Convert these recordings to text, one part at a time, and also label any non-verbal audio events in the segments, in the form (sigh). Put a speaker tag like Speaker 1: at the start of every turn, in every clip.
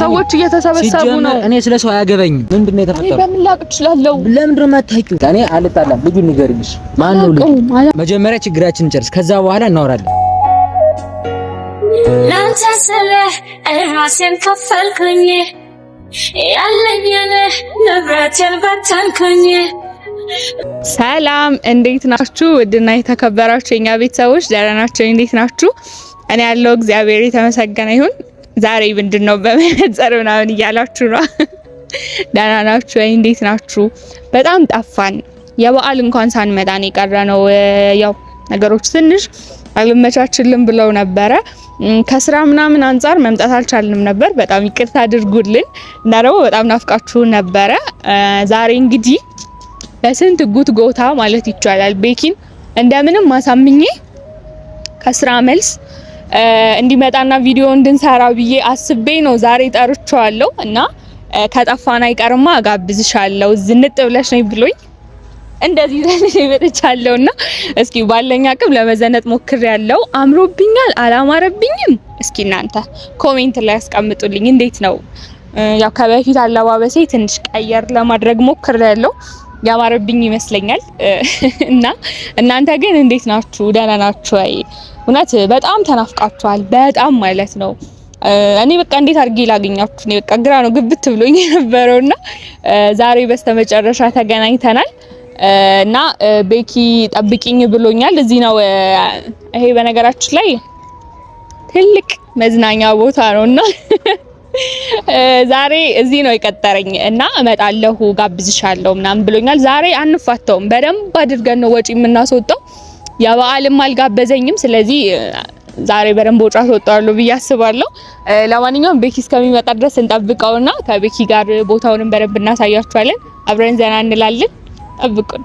Speaker 1: ሰዎች እየተሰበሰቡ ነው።
Speaker 2: እኔ ስለ ሰው አያገበኝም። ምንድን ነው የተፈጠረው?
Speaker 1: በምን ላቅ እችላለሁ?
Speaker 2: ለምንድን ነው የማታውቂው? እኔ አልጣላም። ልጁ ንገሪልሽ። ማን ነው ልጁ? መጀመሪያ ችግራችን ጨርስ፣ ከዛ በኋላ እናወራለን።
Speaker 1: ላንተ ስለ ራሴን ከፈልኩኝ፣ ያለኝን ንብረቴን በተንኩኝ። ሰላም እንዴት ናችሁ? ውድና የተከበራችሁ የኛ ቤተሰቦች ደህና ናቸው። እንዴት ናችሁ? እኔ ያለው እግዚአብሔር የተመሰገነ ይሁን። ዛሬ ምንድን ነው በመነጸር ምናምን እያላችሁ ነው። ደህና ናችሁ ወይ? እንዴት ናችሁ? በጣም ጠፋን። የበዓል እንኳን የቀረ ነው ያው ነገሮች ትንሽ አልመቻችልም ብለው ነበረ። ከስራ ምናምን አንጻር መምጣት አልቻልንም ነበር። በጣም ይቅርታ አድርጉልን እና ደግሞ በጣም ናፍቃችሁ ነበረ። ዛሬ እንግዲህ በስንት ጉት ጎታ ማለት ይቻላል ቤኪን እንደምንም ማሳምኜ ከስራ መልስ እንዲመጣና ቪዲዮ እንድንሰራ ብዬ አስቤ ነው ዛሬ ጠርቼዋለሁ። እና ከጠፋን አይቀርማ እጋብዝሻለሁ ዝንጥ ብለሽ ነኝ ብሎኝ እንደዚህ ዘንሽ ይመጥቻለሁና እስኪ ባለኝ አቅም ለመዘነጥ ያለው አምሮብኛል አላማረብኝም? እስኪ እናንተ ኮሜንት ላይ አስቀምጡልኝ እንዴት ነው? ያው ከበፊት አለባበሴ ትንሽ ቀየር ለማድረግ ያለው ያማረብኝ ይመስለኛል እና እናንተ ግን እንዴት ናችሁ? ደህና ናችሁ አይ እውነት በጣም ተናፍቃችኋል። በጣም ማለት ነው። እኔ በቃ እንዴት አድርጌ ላገኛችሁ ነው በቃ ግራ ነው ግብት ብሎኝ (laughs) የነበረውና ዛሬ በስተመጨረሻ ተገናኝተናል እና ቤኪ ጠብቂኝ ብሎኛል። እዚህ ነው ይሄ በነገራችን ላይ ትልቅ መዝናኛ ቦታ ነውና (laughs) ዛሬ እዚህ ነው የቀጠረኝ እና እመጣለሁ፣ ጋብዝሻለሁ ምናምን ብሎኛል። ዛሬ አንፋተውም፣ በደንብ አድርገን ነው ወጪ የምናስወጣው። የበዓልም አልጋበዘኝም። ስለዚህ ዛሬ በደንብ ወጫት ወጣለሁ ብዬ አስባለሁ። ለማንኛውም ቤኪ እስከሚመጣ ድረስ እንጠብቀውና ከቤኪ ጋር ቦታውንም በደንብ እናሳያችኋለን። አብረን ዘና እንላለን። ጠብቁን።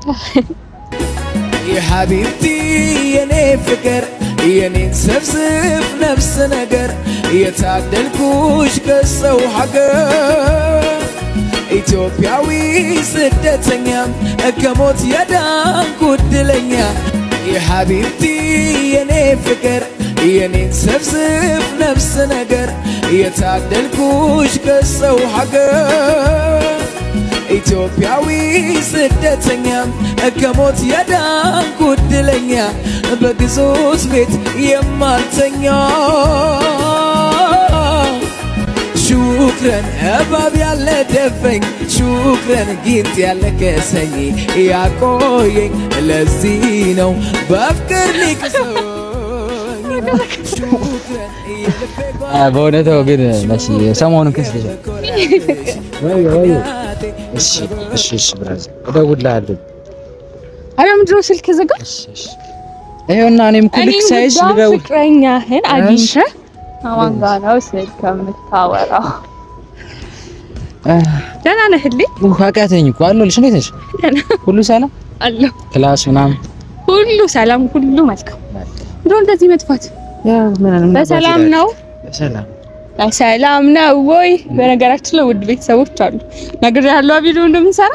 Speaker 1: የሀቢብቲ የኔ ፍቅር የኔን ሰብስብ ነፍስ ነገር የታደልኩሽ ከሰው ሀገር ኢትዮጵያዊ ስደተኛ ከሞት የዳንኩ ዕድለኛ የሐቢብቲ የኔ ፍቅር የኔን ሰብስብ ነፍስ ነገር የታደልኩሽ ከሰው ሀገር
Speaker 2: ኢትዮጵያዊ ስደተኛም ከሞት የዳንኩ ዕድለኛ በግዞት ቤት የማልተኛ شكرا أباب ያለ دفن شكرا ጊንጥ ያለ كسني يا كوين لزينو بفكر لك በእውነት ግን መሲ ሰሞኑን ክስ እደውልልሃለሁ።
Speaker 1: ኧረ ምንድን ነው ስልክ ዘጋ?
Speaker 2: ይኸውና እኔም እኮ ልክ ሳይሽ ልደውል
Speaker 1: ፍቅረኛህን አግኝተህ ከማን ጋር ነው ስልክ የምታወራው? ደህና ነህ?
Speaker 2: አቃተኝ እኮ አለሁልሽ። እንዴት ነሽ? ሁሉ ሰላም አለ? ክላስ ምናምን
Speaker 1: ሁሉ ሰላም፣ ሁሉ መልካም። እንደው እንደዚህ መጥፋት በሰላም ነው ሰላም ነው ወይ? በነገራችን ላይ ውድ ቤተሰቦች አሉ ነገር ያለው ቪዲዮ እንደምንሰራ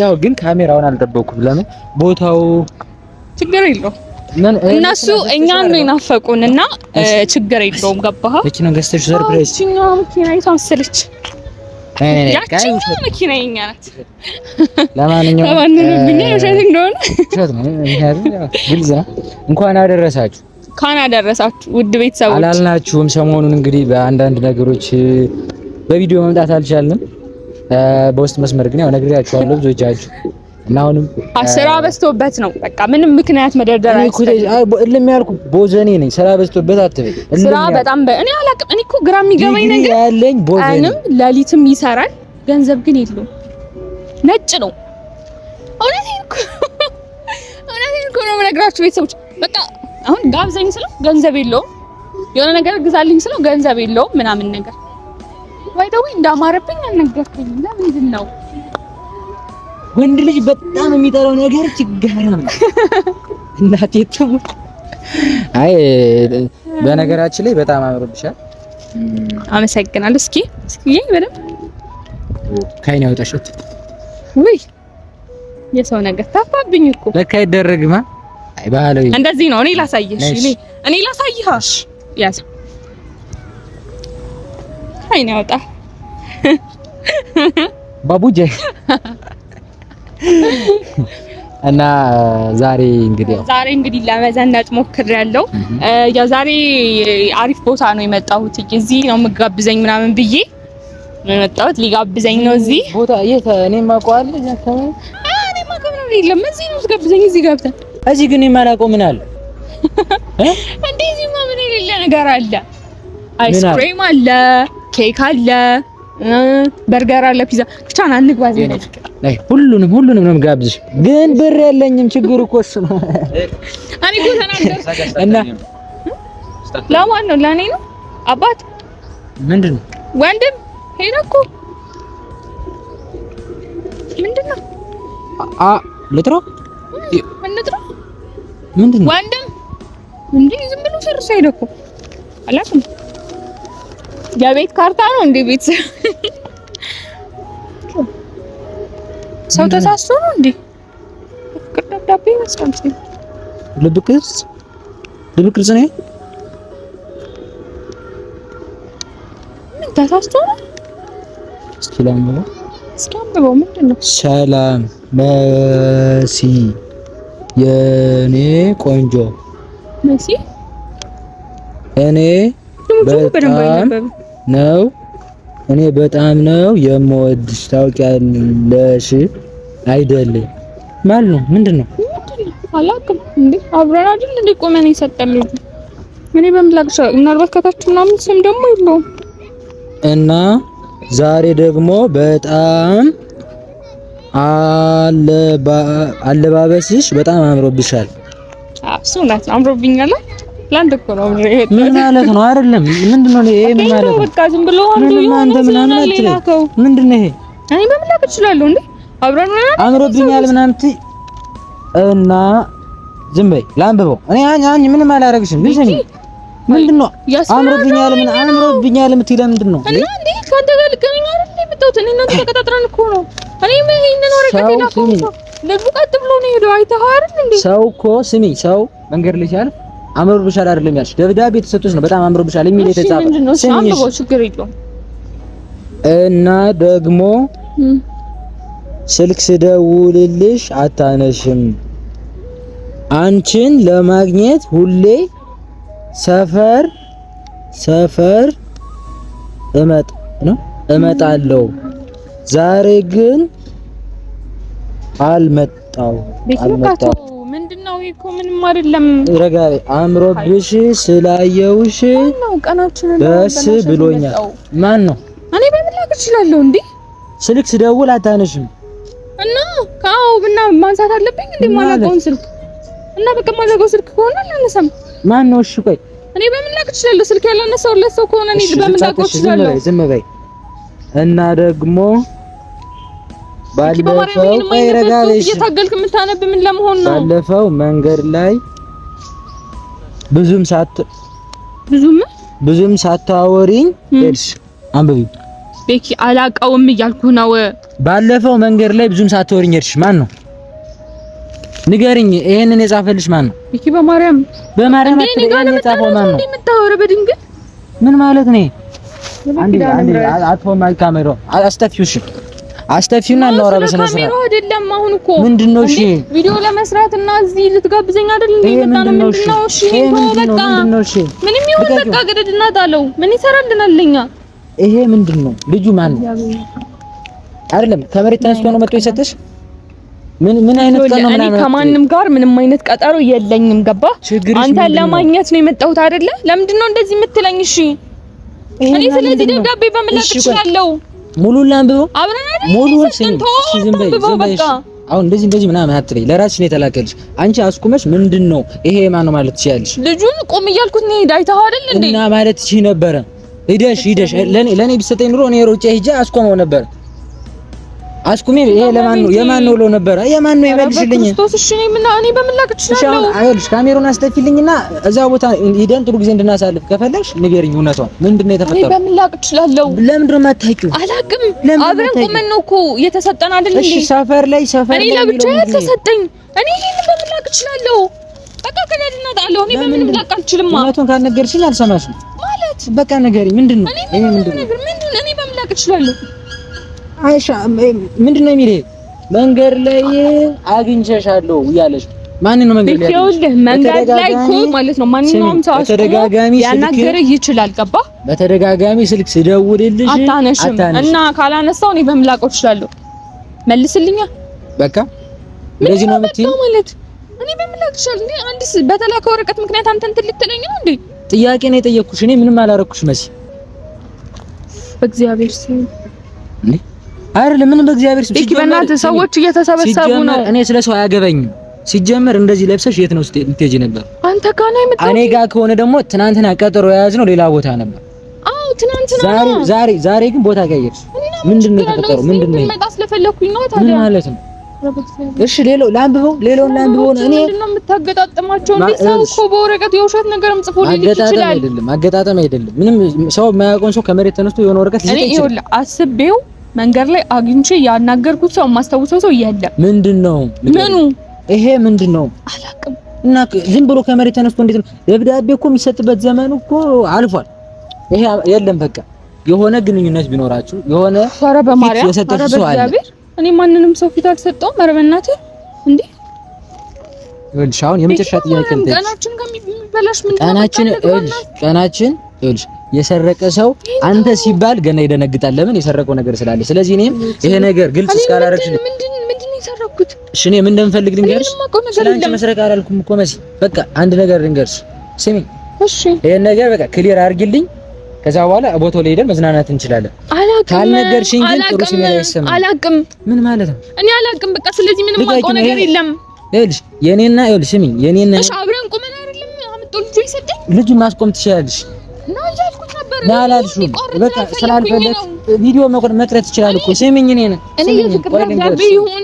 Speaker 2: ያው ግን ካሜራውን አልጠበኩም። ለምን ቦታው
Speaker 1: ችግር የለውም እነሱ እኛን ነው የናፈቁን እና ችግር የለውም። ገባህ?
Speaker 2: መኪና ገዝተሽ ሰርፕራይዝ
Speaker 1: ያቺኛው መኪና የእኛ ናት። ለማንኛውም ለማንኛውም ውሸት እንደሆነ ውሸት ነው። ምክንያቱም
Speaker 2: ግልጽ ነው። እንኳን አደረሳችሁ
Speaker 1: እንኳን አደረሳችሁ ውድ ቤተሰቦች
Speaker 2: አላልናችሁም። ሰሞኑን እንግዲህ በአንዳንድ ነገሮች በቪዲዮ መምጣት አልቻልንም። በውስጥ መስመር ግን ያው ነግሬያችኋለሁ ብዙዎቻችሁ እና አሁንም
Speaker 1: ስራ በዝቶበት ነው። በቃ ምንም ምክንያት መደርደር
Speaker 2: እልም ያልኩ ቦዘኔ ነኝ። ስራ በዝቶበት አትበይ።
Speaker 1: ስራ በጣም እኔ አላውቅም። እኔ እኮ ግራ የሚገባኝ ነገር
Speaker 2: ያለኝ ቦዘኔ አንም
Speaker 1: ለሊትም ይሰራል፣ ገንዘብ ግን የለውም። ነጭ ነው። እውነቴን እኮ (laughs) እውነቴን እኮ ነው የምነግራችሁ ቤተሰቦች። በቃ አሁን ጋብዘኝ ስለው ገንዘብ የለውም፣ የሆነ ነገር ግዛልኝ ስለው ገንዘብ የለውም ምናምን ነገር ወይ ዘ እንዳማረብኝ አልነገርከኝም። ለምንድን ነው
Speaker 2: ወንድ ልጅ በጣም የሚጠላው ነገር ችጋራ ነው። እናቴ ተሙ። አይ በነገራችን ላይ በጣም አምሮብሻል።
Speaker 1: አመሰግናለሁ። እስኪ እስኪ ይሄ በደምብ ከአይን ያወጣሽው። ውይ የሰው ነገር ታፋብኝ እኮ
Speaker 2: ለካ ይደረግማ። አይ ባህላዊ
Speaker 1: እንደዚህ ነው። እኔ ላሳይሽ፣ እኔ እኔ ላሳይሽ። ያዝ ከአይን አውጣ
Speaker 2: ባቡጃ (laughs) እና ዛሬ እንግዲህ
Speaker 1: ዛሬ እንግዲህ ለመዘነጥ ያለው ያ ዛሬ አሪፍ ቦታ ነው የመጣሁት። እዚህ ነው የምጋብዘኝ ምናምን ብዬ ነው የመጣሁት። ሊጋብዘኝ ነው እዚህ
Speaker 2: ቦታ የት እኔ ማቋል ያከመ
Speaker 1: እኔ ማቋል ነው የለም እዚህ ነው ጋብዘኝ። እዚህ ገብተን
Speaker 2: እዚህ ግን የማላውቀው ምን አለ
Speaker 1: እንዴ? እዚህማ ምን የሌለ ነገር አለ። አይስክሬም አለ፣ ኬክ አለ፣ በርገር አለ፣ ፒዛ ብቻ ና እንግባ ነው
Speaker 2: ነይ ሁሉንም ሁሉንም ነው የምጋብዝሽ፣ ግን ብር የለኝም። ችግሩ እኮ እሱ ነው።
Speaker 1: እኔ እኮ ተናገርኩ ለማን ነው? ለእኔ ነው። አባት ምንድን ነው? ወንድም ሄደ እኮ ምንድን ነው?
Speaker 2: አ ልጥራው እንጥራው ምንድን ነው?
Speaker 1: ወንድም እንዴ! ዝም ብሎ ሰርሶ ሄደ እኮ አላውቅም። የቤት ካርታ ነው እንዴ ቤት ሰው ተሳስቶ ነው እንዴ? ፍቅር ደብዳቤ ይመስላል። ሲል
Speaker 2: ልብ ቅርጽ ልብ ቅርጽ ነው።
Speaker 1: ምን ተሳስቶ ነው? እስኪ እስኪ አንብበው። ምንድን ነው?
Speaker 2: ሰላም መሲ፣ የኔ ቆንጆ መሲ፣ እኔ
Speaker 1: በጣም
Speaker 2: ነው እኔ በጣም ነው የምወድሽ ታውቂያለሽ አይደል? ማን ነው? ምንድን ነው?
Speaker 1: አላውቅም። እንዴ አብረን አይደል እንዴ ቆመን ይሰጠልኝ። እኔ በምላቅሽ ምናልባት ከታች ምናምን ስም ደግሞ የለውም
Speaker 2: እና ዛሬ ደግሞ በጣም አለባበስሽ በጣም አምሮብሻል።
Speaker 1: አብሶ ናት አምሮብኛል። ለአንድ እኮ ነው
Speaker 2: ምን ማለት ነው? አይደለም ምንድን ነው ይሄ?
Speaker 1: ምን ማለት ነው? በቃ ዝም ብሎ አንዱ ይሆን ምናምን አትልም። ምንድን ነው ይሄ? እኔ በምን ላውቅ እችላለሁ እንዴ? አብረን ምናምን
Speaker 2: አምሮብኛል ምናምን እና ዝም በይ ላንብበው። እኔ አኝ ምንም አላደርግሽም። ግን ምንድን ነው አምሮብኛል ምን አምሮብኛል የምትይ ለምንድን ነው
Speaker 1: እና እንዴ ከአንተ ጋር ልገናኝ አይደል የመጣሁት? እኔ እናንተ ተቀጣጥረን እኮ ነው። እኔ ምን ይሄንን ወረቀት ይላከው ልቡ ቀጥ ብሎ ነው የሄደው። አይተኸው አይደል እንዴ?
Speaker 2: ሰው እኮ ስሚ ሰው መንገድ ልሻል አምሮብሻል አይደለም ያልሽ ደብዳቤ የተሰጡሽ ነው። በጣም አምሮብሻል የሚል የተጻፈ እና ደግሞ ስልክ ስደውልልሽ አታነሽም። አንቺን ለማግኘት ሁሌ ሰፈር ሰፈር እመጥ ነው እመጣለሁ። ዛሬ ግን አልመጣው
Speaker 1: አልመጣው እኮ ምንም አይደለም።
Speaker 2: ረጋ አምሮብሽ ስላየውሽ ደስ ብሎኛል። ማን ነው?
Speaker 1: እኔ በምን ላውቅ እችላለሁ እንዴ?
Speaker 2: ስልክ ስደውል አታነሽም
Speaker 1: እና ካው ብና ማንሳት አለብኝ እንዴ? ማላውቀውን ስልክ እና በቃ ማላውቀው ስልክ ከሆነ አላነሳም።
Speaker 2: ማን ነው? እሺ ቆይ
Speaker 1: እኔ በምን ላውቅ እችላለሁ? ስልክ ያላነሳሁለት ለሰው ከሆነ እኔ በምን ላውቅ እችላለሁ? ዝም በይ
Speaker 2: እና ደግሞ ባለፈው መንገድ ላይ ብዙም ሳት ብዙም ብዙም ሳታወሪኝ አንብቢ
Speaker 1: ቤኪ፣ እያልኩ ነው።
Speaker 2: ባለፈው መንገድ ላይ ብዙም ሳታወሪኝ ሄድሽ ማን ነው? ንገርኝ። ይሄንን የጻፈልሽ ማን ነው?
Speaker 1: ቤኪ፣ በማርያም በማርያም አትልኝ። የጻፈው ማን ነው?
Speaker 2: ምን ማለት ነው? አንዴ አንዴ አጥፎ ማይ ካሜራ አስተፊውሽ አስተፊውና እናወራ በስነ ስርዓት
Speaker 1: አይደለም። አሁን እኮ ምንድነው? እሺ ቪዲዮ ለመስራት እና እዚህ ልትጋብዘኝ አይደል? እንዴ ምንድነው? እሺ በቃ ምንም ይሁን በቃ ገደድና ጣለው። ምን ይሰራልናል ለኛ?
Speaker 2: ይሄ ምንድነው? ልጁ ማን ነው? አይደለም ከመሬት ተነስቶ ነው መጥቶ የሰጠሽ? ምን ምን አይነት
Speaker 1: ቀን ነው? ምናምን ከማንም ጋር ምንም አይነት ቀጠሮ የለኝም። ገባ? አንተን ለማግኘት ነው የመጣሁት አይደለ? ለምንድን ነው እንደዚህ የምትለኝ? እሺ እኔ ስለዚህ ደብዳቤ በመላክ እችላለሁ።
Speaker 2: ሙሉን ላንብበው
Speaker 1: አብረን አይደል? ሙሉን ስሚ። ዝም በይ
Speaker 2: ዝም በይ። አሁን እንደዚህ እንደዚህ ምናምን አትበይ። ለራስሽ ነው የተላከልሽ። አንቺ አስቁመሽ ምንድን ነው ይሄ ማነው ማለት ትችያለሽ።
Speaker 1: ልጁን ቁም እያልኩት ነው ዳይታው አይደል እንዴ
Speaker 2: እና ማለት ትችይ ነበረ። ሂደሽ ሂደሽ ለኔ ለኔ ቢሰጠኝ ኑሮ እኔ ሮጬ ሂጄ አስቆመው ነበር። አስኩሜር ይሄ ለማን ነው የማን ነው ብሎ ነበር የማን ነው ይመልሽልኝ
Speaker 1: ክርስቶስ እሺ እኔ ምን እኔ በምን ላክ እችላለሁ
Speaker 2: አይልሽ ካሜሩን አስጠፊልኝና እዛ ቦታ ሄደን ጥሩ ጊዜ እንድናሳልፍ ከፈለግሽ ንገሪኝ እውነቷን ምንድን ነው የተፈጠረው እኔ
Speaker 1: በምን ላክ እችላለሁ
Speaker 2: ለምንድን ነው የማታውቂው
Speaker 1: አላውቅም አብረን ቆመን ነው እኮ የተሰጠን አይደል እንዴ
Speaker 2: እሺ ሰፈር ላይ ሰፈር
Speaker 1: ላይ እኔ ለብቻዬ ያልተሰጠኝ እኔ ይሄን በምን ላክ እችላለሁ በቃ ከሌልና ጣለው እኔ በምን ላክ አልችልም
Speaker 2: እውነቱን ካልነገርሽኝ አልሰማሽም ማለት በቃ ንገሪኝ ምንድን ነው
Speaker 1: እኔ ምንድን ነው እኔ በምን ላክ እችላለሁ
Speaker 2: አይሻ ምንድን ነው የሚል መንገድ ላይ አግኝቼሻለሁ እያለች ማን ነው መንገድ
Speaker 1: ላይ ይኸውልህ፣ መንገድ ላይ እኮ ማለት ነው ማንኛውም ሰው
Speaker 2: በተደጋጋሚ
Speaker 1: ያናገረ ይችላል። ገባህ?
Speaker 2: በተደጋጋሚ ስልክ ስደውልልሽ
Speaker 1: አታነሽም እና ካላነሳው እኔ በምን ላውቀው እችላለሁ? መልስልኛ። በቃ እንደዚህ ነው የምትይው ማለት እኔ በምን ላውቅ እችላለሁ? እንዴ አንዲስ በተላከው ወረቀት ምክንያት አንተ እንትን ልትለኝ ነው እንዴ?
Speaker 2: ጥያቄ ነው የጠየቅኩሽ። እኔ ምንም አላረኩሽ መሲ፣
Speaker 1: በእግዚአብሔር ስም
Speaker 2: እንዴ አይደለም ምንም በእግዚአብሔር
Speaker 1: ስም እኪ በእናትህ ሰዎች እየተሰበሰቡ
Speaker 2: ነው። እኔ ስለ ሰው አያገበኝም። ሲጀመር እንደዚህ ለብሰሽ የት ነው ስትሄጂ ነበር? አንተ ጋር ነው የምትሄጂው። እኔ ጋር ከሆነ ደግሞ ትናንትና ቀጠሮ የያዝነው ሌላ ቦታ ነበር።
Speaker 1: አዎ ትናንትና።
Speaker 2: ዛሬ ዛሬ ዛሬ ግን ቦታ ቀየርሽ። ምንድን ነው የተፈጠረው? ምንድን ነው
Speaker 1: መጣ ስለፈለኩኝ ነው
Speaker 2: ታዲያ ምን ማለት ነው። እሺ ሌላው ላንብበው፣ ሌላውን ላንብበው። እኔ
Speaker 1: ምንድነው የምታገጣጥማቸው? እንዴ ሰው እኮ በወረቀት የውሸት ነገርም ጽፎ ሊልክ ይችላል።
Speaker 2: አገጣጠም አይደለም፣ ምንም ሰው የማያውቀውን ሰው ከመሬት ተነስቶ የሆነ ወረቀት ሊልክ ይችላል።
Speaker 1: እኔ ይኸውልህ አስቤው መንገድ ላይ አግኝቼ ያናገርኩት ሰው የማስታውሰው ሰው የለም። ምንድን ነው ምኑ?
Speaker 2: ይሄ ምንድን ነው አላውቅም። እና ዝም ብሎ ከመሬት ተነስቶ እንዴት ነው? ደብዳቤ እኮ የሚሰጥበት ዘመኑ እኮ አልፏል። ይሄ የለም። በቃ የሆነ ግንኙነት ቢኖራችሁ የሆነ
Speaker 1: ኧረ በማርያም ኧረ በእግዚአብሔር እኔ ማንንም ሰው ፊት አልሰጠውም። ኧረ በእናትህ እንዴ
Speaker 2: ይኸውልሽ አሁን የመጨረሻ ጥያቄ ልጠይቅሽ። ቀናችን ቀናችን የሰረቀ ሰው አንተ ሲባል ገና ይደነግጣል። ለምን የሰረቀው ነገር ስላለ። ስለዚህ እኔም ይሄ ነገር ግልጽ እስካላረግሽ እሺ፣ እኔ ምን እንደምፈልግ ድንገርሽ ስለዚህ መስረቅ አላልኩም እኮ መሲ። በቃ አንድ ነገር ድንገርሽ ስሚ፣ እሺ፣ ይሄን ነገር በቃ ክሊር አድርጊልኝ። ከዛ በኋላ ቦታው ላይ ሄደን መዝናናት እንችላለን። ካልነገርሽኝ ግን ጥሩ ሲመራ
Speaker 1: አይሰማም። አላቅም ምን ማለት ነው? እኔ አላቅም በቃ። ስለዚህ ምንም ማውቀው ነገር የለም።
Speaker 2: ይኸውልሽ የኔና ይኸውልሽ ስሚ፣ የኔና
Speaker 1: እሺ፣ አብረን ቁመን አይደለም አምጦ ልጁ ይሰደኝ
Speaker 2: ልጁን ማስቆም ትችላለሽ። ና አላልሽውም። በቃ ስላልፈለግ ቪዲዮ መቅረት ይችላል እኮ ስሚኝ። እኔ
Speaker 1: የፍቅር ደብዳቤ ይሁን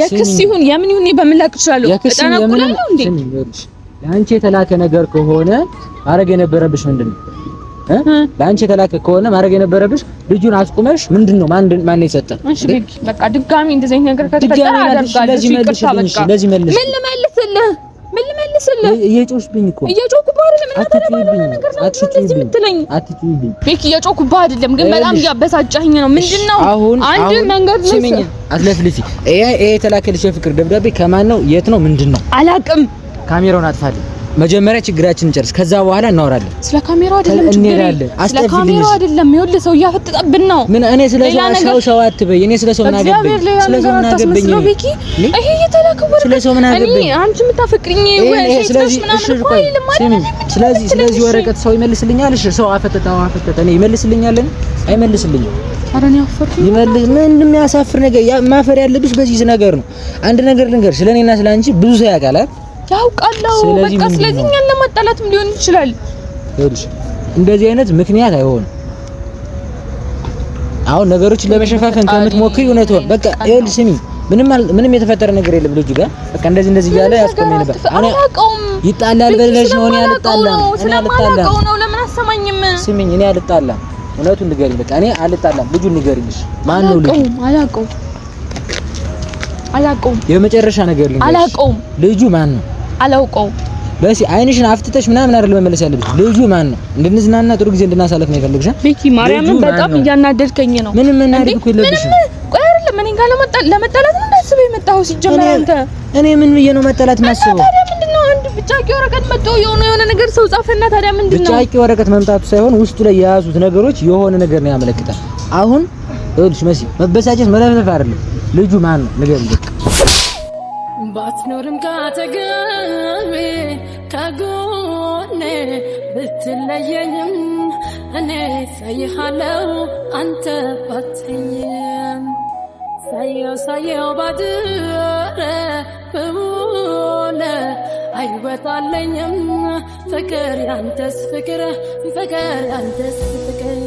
Speaker 1: የክስ ይሁን የምን ይሁን በምላክ
Speaker 2: ለአንቺ የተላከ ነገር ከሆነ ማድረግ የነበረብሽ ምንድን ነው? ለአንቺ የተላከ ከሆነ ማድረግ የነበረብሽ ልጁን አስቁመሽ ምንድን ነው ማን ማን
Speaker 1: ነው በቃ ድጋሚ እንደዚህ ነገር
Speaker 2: ከተፈጠረ አደርጋለሁ። ይቅርታ በቃ ምን
Speaker 1: ልመልስልህ ምን ልመልስልህ?
Speaker 2: እየጮህብኝ እኮ
Speaker 1: እየጮህኩብህ አይደለም።
Speaker 2: እየጮህኩብህ አይደለም፣
Speaker 1: ግን በጣም እያበሳጨኸኝ ነው። ምንድን ነው አንድ
Speaker 2: መንገድ አትለፍልፊ። ይሄ የተላከልሽ የፍቅር ደብዳቤ ከማን ነው? የት ነው? ምንድን ነው? አላውቅም። ካሜራውን አጥፋልኝ። መጀመሪያ ችግራችን እንጨርስ፣ ከዛ በኋላ እናወራለን።
Speaker 1: ስለ ካሜራው አይደለም ችግር ስለ ካሜራው አይደለም። ይኸውልህ ሰው እያፈጠጠብን ነው።
Speaker 2: ምን እኔ ስለ ሰው ሰው አትበይ። እኔ ስለ ሰው ምን ስለ ሰው ምን አገባኝ? ይሄ የተላከው ስለ ሰው ምን
Speaker 1: እኔ አንቺ የምታፈቅሪኝ
Speaker 2: ወይ ስለዚህ እሺ፣ ቆይ ስሚ። ስለዚህ ስለዚህ ወረቀት ሰው ይመልስልኛል? እሺ፣ ሰው አፈጠጠ ነው አፈጠጠ። እኔ ይመልስልኛል? አይመልስልኝም። ምንም ያሳፍር ነገር ማፈር ያለብሽ በዚህ ነገር ነው። አንድ ነገር ልንገርሽ፣ ስለኔና ስለአንቺ ብዙ ሰው ያውቃል።
Speaker 1: ያውቃለሁ። በቃ ስለዚህ እኛን ለማጣላትም ሊሆን ይችላል።
Speaker 2: ይኸውልሽ እንደዚህ አይነት ምክንያት አይሆንም። አሁን ነገሮችን ለመሸፋፈን ከምትሞክሪ እውነት ሆነ። በቃ ይኸውልሽ ስሚ፣ ምንም ምንም የተፈጠረ ነገር የለም። ልጁ ጋር በቃ እንደዚህ እንደዚህ እያለ ያስቆመኝ ነበር። እኔ ይጣላል በለሽ ነው።
Speaker 1: እኔ አልጣላም፣ እኔ አልጣላም ነው። ለምን አሰማኝም?
Speaker 2: ስሚ እኔ አልጣላም። እውነቱን ንገሪኝ። በቃ እኔ አልጣላም። ልጁ ንገሪኝ። እሺ፣ ማን ነው ልጁ?
Speaker 1: አላውቀውም፣ አላውቀውም።
Speaker 2: የመጨረሻ ነገር ልንገርሽ፣ ልጁ ማን ነው? አላውቀውም። በሲ አይንሽን አፍትተሽ ምናምን አይደል መመለስ ያለብሽ። ልጁ ማን ነው? እንድንዝናና ጥሩ ጊዜ እንድናሳለፍ ነው የፈለግሽ።
Speaker 1: ቤኪ ማርያምን በጣም እያናደድከኝ
Speaker 2: ነው። ምንም መናደድ
Speaker 1: እኮ የለብሽም። ቆይ አይደለም እኔ ጋር ለመጣላት ነው እንዳስበው የመጣው ሲጀመር። አንተ
Speaker 2: እኔ ምን ብዬ ነው መጣላት ማስበው?
Speaker 1: ታዲያ ምንድነው አንድ ብጫቂ ወረቀት መጥቶ የሆነ የሆነ ነገር ሰው ጻፈና፣ ታዲያ
Speaker 2: ምንድነው ብጫቂ ወረቀት መምጣቱ ሳይሆን ውስጡ ላይ የያዙት ነገሮች የሆነ ነገር ነው ያመለክታል። አሁን ይኸውልሽ መሲ መበሳጨት መለፍለፍ አይደለም። ልጁ ማን ነው ንገሪኝ። ባትኖርም ካጠገቤ ከጎኔ ብትለየኝም እኔ ሳይሃለው አንተ ባትተኝም ሳየው ሳየው ባድረ በሆነ አይወጣለኝም ፍቅር ያንተስ ፍቅር ፍቅር ያንተስ ፍቅር